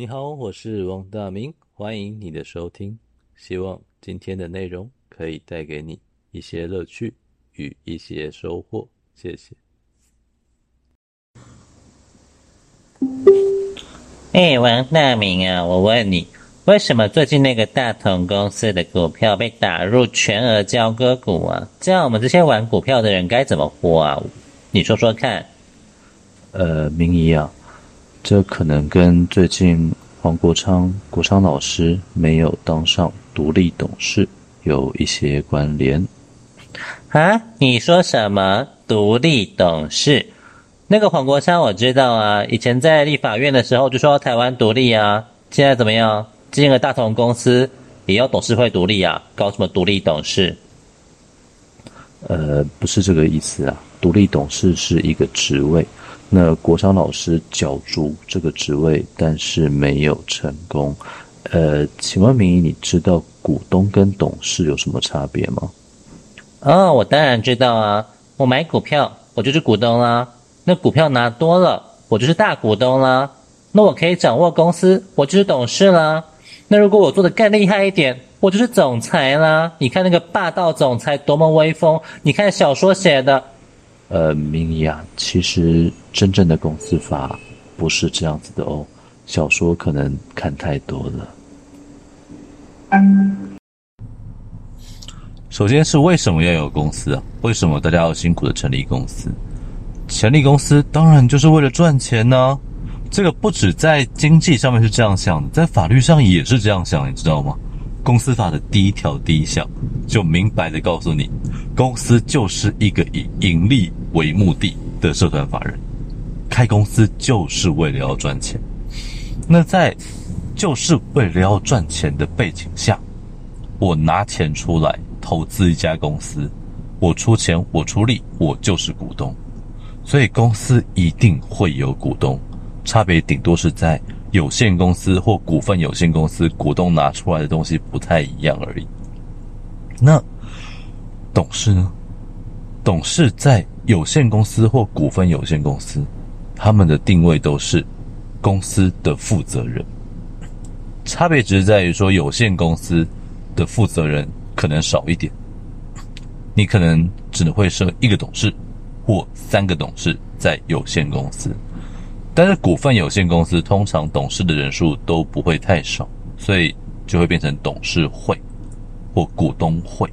你好，我是王大明，歡迎你的收聽。希望今天的內容可以帶給你一些樂趣與一些收穫，謝謝。哎，王大明啊，我問你，為什麼最近那個大同公司的股票被打入全額交割股啊？這樣我們這些玩股票的人該怎麼活啊？你說說看。呃，明姨啊。這可能跟最近黃國昌國昌老師沒有當上獨立董事，有一些關聯啊。你說什麼獨立董事？那個黃國昌我知道啊，以前在立法院的時候，就說台灣獨立啊，現在怎麼樣？進了大同公司也要董事會獨立啊？搞什麼獨立董事？呃，不是這個意思啊，獨立董事是一個職位。那國昌老師角逐這個職位，但是沒有成功。呃，請問明儀你知道股東跟董事有什麼差別嗎？啊、哦，我當然知道啊！我買股票，我就是股東啦。那股票拿多了，我就是大股東啦。那我可以掌握公司，我就是董事啦。那如果我做得更厲害一點，我就是總裁啦。你看那個霸道總裁多麼威風！你看小說寫的。呃，明姨啊，其實真正的公司法不是這樣子的哦。小說可能看太多了。嗯、首先是為什麼要有公司啊？為什麼大家要辛苦的成立公司？成立公司當然就是為了賺錢呢、啊。這個不只在經濟上面是這樣想的，在法律上也是這樣想，你知道嗎？公司法的第一條第一項就明白的告訴你，公司就是一個以營利。為目的的社團法人，開公司就是為了要賺錢。那在就是為了要賺錢的背景下，我拿錢出來投資一家公司，我出錢，我出力，我就是股東。所以公司一定會有股東，差別頂多是在有限公司或股份有限公司股東拿出來的東西不太一樣而已。那董事呢？董事在。有限公司或股份有限公司，他們的定位都是公司的負責人，差別只是在於說，有限公司的負責人可能少一點，你可能只會設一個董事或三個董事在有限公司，但是股份有限公司通常董事的人數都不會太少，所以就會變成董事會或股東會，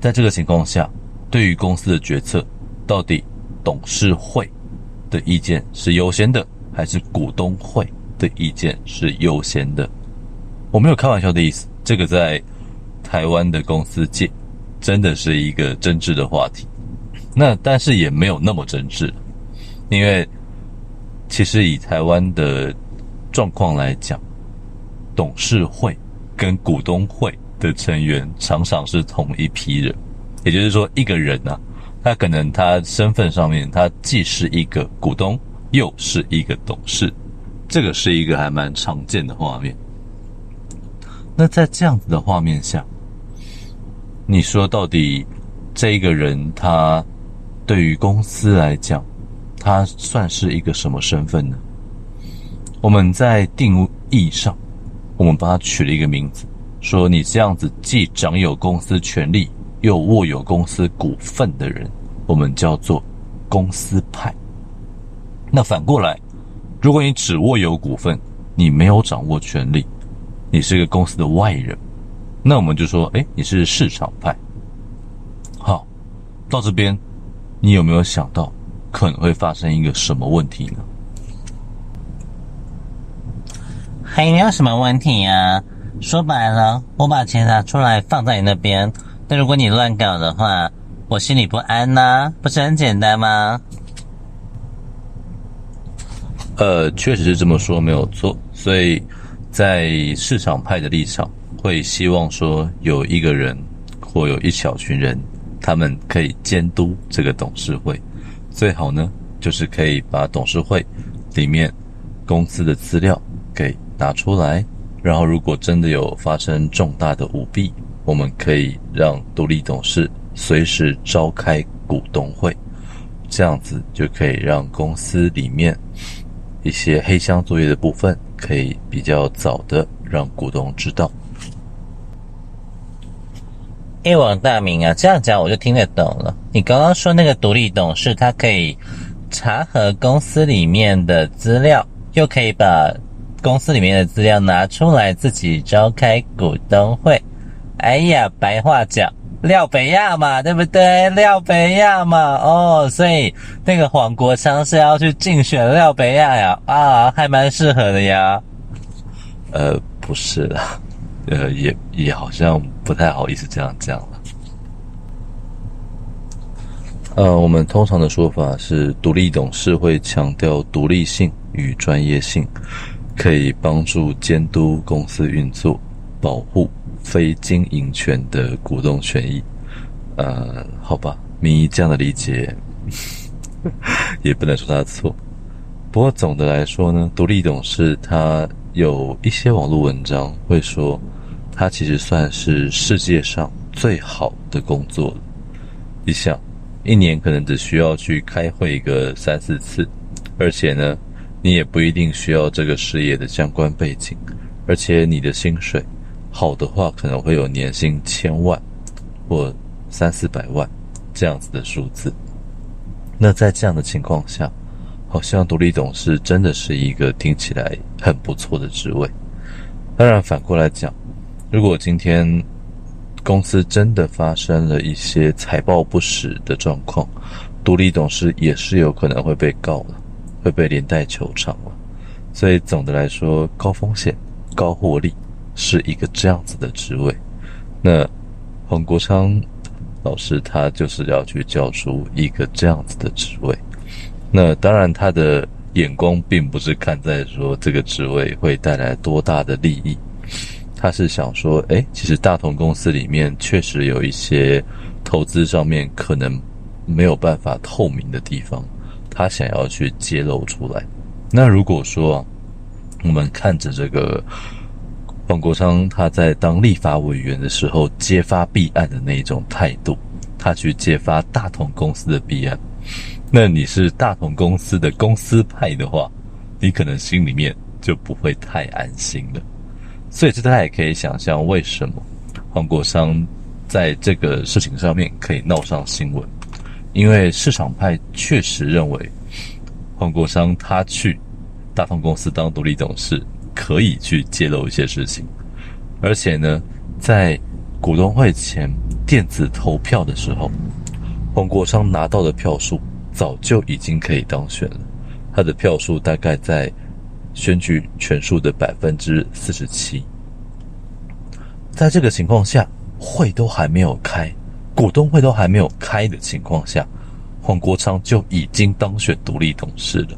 在這個情況下，對於公司的決策，到底董事會的意見是優先的，還是股東會的意見是優先的？我沒有開玩笑的意思，這個在台灣的公司界真的是一個爭執的話題。那但是也沒有那麼爭執，因為其實以台灣的狀況來講，董事會跟股東會的成員常常是同一批人。也就是說，一個人呢、啊，他可能他身份上面，他既是一個股東，又是一個董事，這個是一個還蠻常見的畫面。那在這樣子的畫面下，你說到底這一個人他對於公司來講，他算是一個什麼身份呢？我們在定義上，我們幫他取了一個名字，說你這樣子既掌有公司權利。又握有公司股份的人，我們叫做公司派。那反過來，如果你只握有股份，你沒有掌握權力，你是一個公司的外人，那我們就說，哎，你是市場派。好，到這邊，你有沒有想到可能會發生一個什麼問題呢？嘿，你有什麼問題呀？說白了，我把錢拿出來放在你那邊。那如果你亂搞的話，我心裡不安吶、啊，不是很簡單嗎？呃，確實是這麼說沒有錯，所以在市場派的立場，會希望說有一個人或有一小群人，他們可以監督這個董事會，最好呢就是可以把董事會裡面公司的資料給拿出來，然後如果真的有發生重大的舞弊。我們可以讓獨立董事隨時召開股東會，這樣子就可以讓公司裡面一些黑箱作業的部分，可以比較早的讓股東知道。欸，王大明啊，這樣講我就聽得懂了。你剛剛說那個獨立董事，他可以查核公司裡面的資料，又可以把公司裡面的資料拿出來自己召開股東會。哎呀，白話講，廖北亞嘛，對不對？廖北亞嘛，哦，所以那個黃國昌是要去競選廖北亞呀，啊，還蠻適合的呀。呃，不是啦，呃，也也好像不太好意思這樣講了。呃，我們通常的說法是，獨立董事會強調獨立性與專業性，可以幫助監督公司運作，保護。非經營權的股東權益，呃，好吧，你這樣的理解也不能說他錯。不過總的來說呢，獨立董事他有一些網絡文章會說，他其實算是世界上最好的工作了。你想，一年可能只需要去開會一個三四次，而且呢，你也不一定需要這個事業的相關背景，而且你的薪水，好的話，可能會有年薪千萬或三四百萬這樣子的數字。那在這樣的情況下，好像獨立董事真的是一個聽起來很不錯的職位。當然，反過來講，如果今天公司真的發生了一些財報不實的狀況，獨立董事也是有可能會被告了，會被連帶求償了。所以總的來說，高風險高獲利。是一個這樣子的職位，那黃國昌老師他就是要去教書一個這樣子的職位。那當然，他的眼光並不是看在說這個職位會帶來多大的利益，他是想說，誒,其實大同公司裡面確實有一些投資上面可能沒有辦法透明的地方，他想要去揭露出來。那如果說我們看着這個。黃國昌他在當立法委員的時候揭發弊案的那一種態度，他去揭發大同公司的弊案，那你是大同公司的公司派的話，你可能心裡面就不會太安心了。所以，這大家也可以想象，為什麼黃國昌在這個事情上面可以鬧上新聞，因為市場派確實認為黃國昌他去大同公司當獨立董事。可以去揭露一些事情，而且呢，在股東會前電子投票的時候，黃國昌拿到的票數早就已經可以當選了。他的票數大概在選舉權數的百分之四十七。在這個情況下，會都還沒有開，股東會都還沒有開的情況下，黃國昌就已經當選獨立董事了。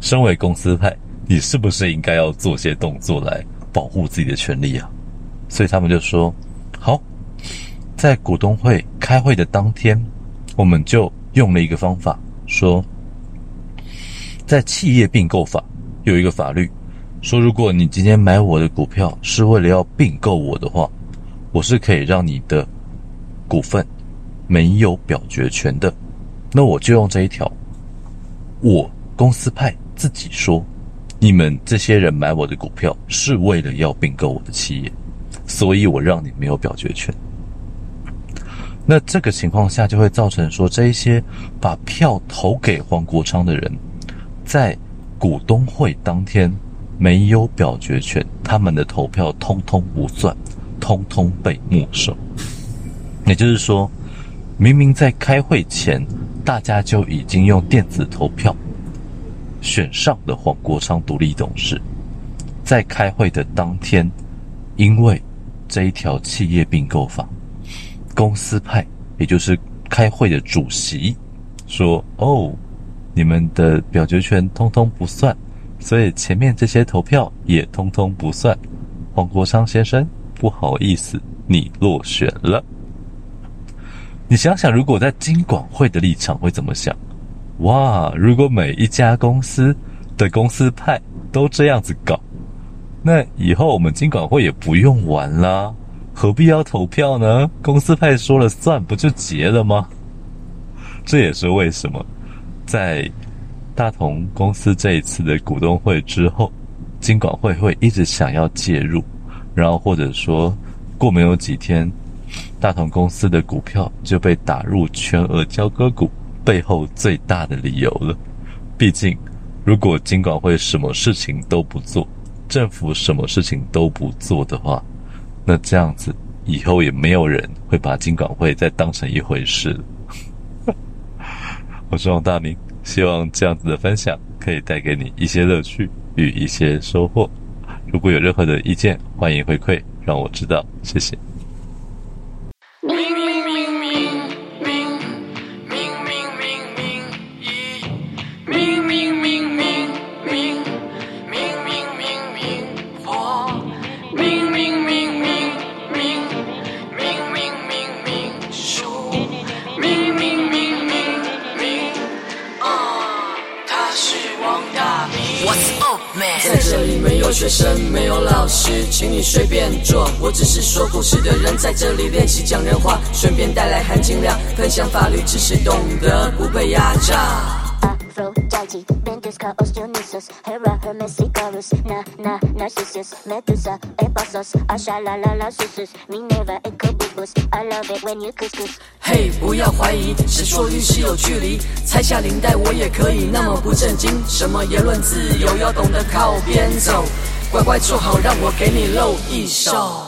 身為公司派。你是不是應該要做些動作來保護自己的權利啊？所以他們就說：“好，在股東會開會的當天，我們就用了一個方法，說，在企業併購法有一個法律，說如果你今天買我的股票是為了要併購我的話，我是可以讓你的股份沒有表決權的。那我就用這一條，我公司派自己說。”你們這些人買我的股票是為了要併購我的企業，所以我讓你沒有表決權。那這個情況下就會造成說，這一些把票投給黃國昌的人，在股東會當天沒有表決權，他們的投票通通不算，通通被沒收。也就是說，明明在開會前大家就已經用電子投票。選上的黃國昌獨立董事，在開會的當天，因為這一條企業併購法，公司派也就是開會的主席說：“哦，你們的表決權通通不算，所以前面這些投票也通通不算。”黃國昌先生，不好意思，你落選了。你想想，如果在金管會的立場會怎麼想？哇！如果每一家公司的公司派都這樣子搞，那以後我們金管會也不用玩啦，何必要投票呢？公司派說了算，不就結了嗎？這也是為什麼，在大同公司這一次的股東會之後，金管會會一直想要介入，然後或者說過沒有幾天，大同公司的股票就被打入全額交割股。背後最大的理由了。畢竟，如果金管會什麼事情都不做，政府什麼事情都不做的話，那這樣子以後也沒有人會把金管會再當成一回事了。我是王大明，希望這樣子的分享可以帶給你一些樂趣與一些收穫。如果有任何的意見，歡迎回饋，讓我知道。謝謝。學生沒有老師，請你隨便坐。我只是說故事的人，在這裡練習講人話，順便帶來含金量，分享法律知識，懂得不被壓榨。Hey，不要懷疑，誰說律師有距離？拆下領帶，我也可以那麼不正經。什麼言論自由，要懂得靠邊走。乖乖坐好，讓我給你露一手。